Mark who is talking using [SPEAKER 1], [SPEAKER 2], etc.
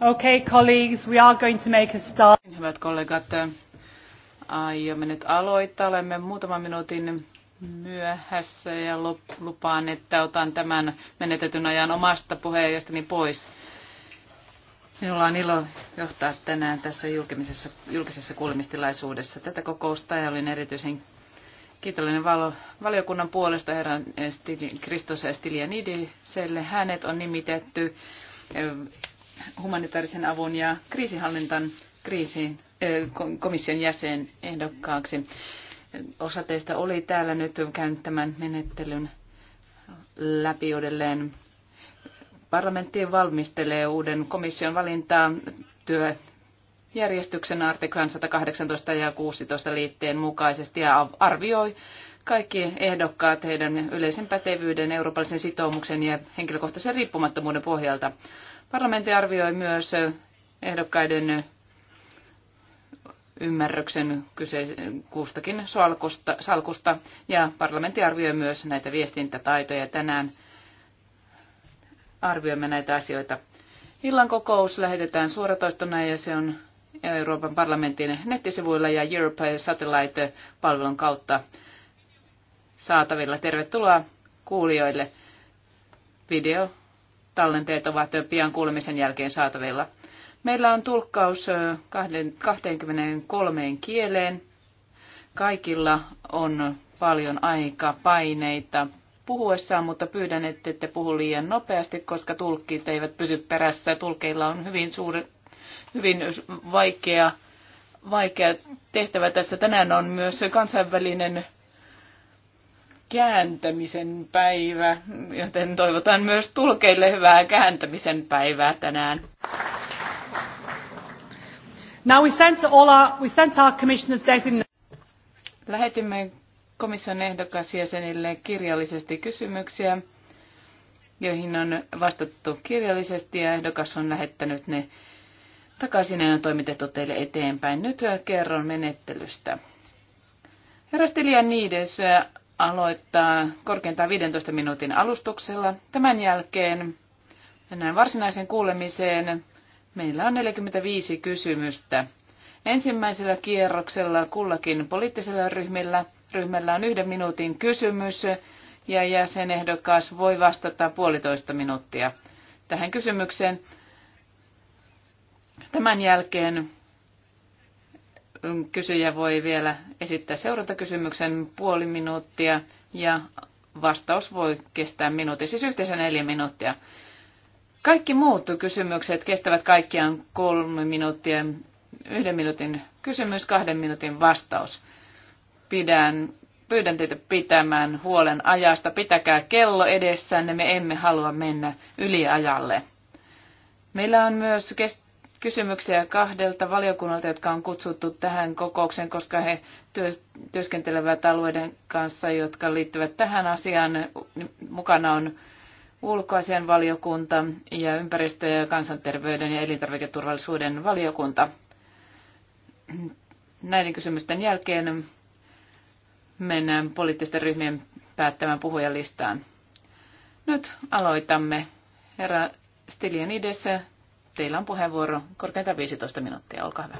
[SPEAKER 1] Okay, colleagues, we are going to make a start. Hyvät kollegat, aiomme nyt aloittaa. Olemme muutaman minuutin myöhässä ja lupaan, että otan tämän menetetyn ajan omasta puheenjohtani pois. Minulla on ilo johtaa tänään tässä julkisessa, julkisessa kuulemistilaisuudessa tätä kokousta ja olin erityisen kiitollinen valo, valiokunnan puolesta herran Kristos Stilianidiselle. Hänet on nimitetty humanitaarisen avun ja kriisihallintan eh, komission jäsen ehdokkaaksi. Osa teistä oli täällä nyt käynyt tämän menettelyn läpi uudelleen. Parlamentti valmistelee uuden komission valintaa työ järjestyksen artiklan 118 ja 16 liitteen mukaisesti ja arvioi kaikki ehdokkaat heidän yleisen pätevyyden, eurooppalaisen sitoumuksen ja henkilökohtaisen riippumattomuuden pohjalta. Parlamentti arvioi myös ehdokkaiden ymmärryksen kustakin salkusta, salkusta ja parlamentti arvioi myös näitä viestintätaitoja. Tänään arvioimme näitä asioita. Illan kokous lähetetään suoratoistona ja se on Euroopan parlamentin nettisivuilla ja Europe Satellite-palvelun kautta saatavilla. Tervetuloa kuulijoille. Video tallenteet ovat pian kuulemisen jälkeen saatavilla. Meillä on tulkkaus 23 kieleen. Kaikilla on paljon aika paineita puhuessaan, mutta pyydän, että ette puhu liian nopeasti, koska tulkkit eivät pysy perässä. Tulkeilla on hyvin, suuri, hyvin vaikea, vaikea tehtävä tässä. Tänään on myös kansainvälinen kääntämisen päivä, joten toivotan myös tulkeille hyvää kääntämisen päivää tänään. Now we sent all our, we sent our commissioners design... Lähetimme komission ehdokasjäsenille kirjallisesti kysymyksiä, joihin on vastattu kirjallisesti ja ehdokas on lähettänyt ne takaisin ja on toimitettu teille eteenpäin. Nyt kerron menettelystä. Herra Niides, aloittaa korkeintaan 15 minuutin alustuksella. Tämän jälkeen mennään varsinaiseen kuulemiseen. Meillä on 45 kysymystä. Ensimmäisellä kierroksella kullakin poliittisella ryhmillä, ryhmällä on yhden minuutin kysymys ja jäsenehdokas voi vastata puolitoista minuuttia tähän kysymykseen. Tämän jälkeen Kysyjä voi vielä esittää seurantakysymyksen puoli minuuttia ja vastaus voi kestää minuutin, siis yhteensä neljä minuuttia. Kaikki muut kysymykset kestävät kaikkiaan kolme minuuttia. Yhden minuutin kysymys, kahden minuutin vastaus. Pidän, pyydän teitä pitämään huolen ajasta. Pitäkää kello edessänne, me emme halua mennä yliajalle. Meillä on myös kest- kysymyksiä kahdelta valiokunnalta, jotka on kutsuttu tähän kokoukseen, koska he työskentelevät alueiden kanssa, jotka liittyvät tähän asiaan. Mukana on ulkoasian valiokunta ja ympäristö- ja kansanterveyden ja elintarviketurvallisuuden valiokunta. Näiden kysymysten jälkeen mennään poliittisten ryhmien päättämään puhujalistaan. Nyt aloitamme. Herra Stilianides, Teillä on puheenvuoro korkeintaan 15 minuuttia. Olkaa hyvä.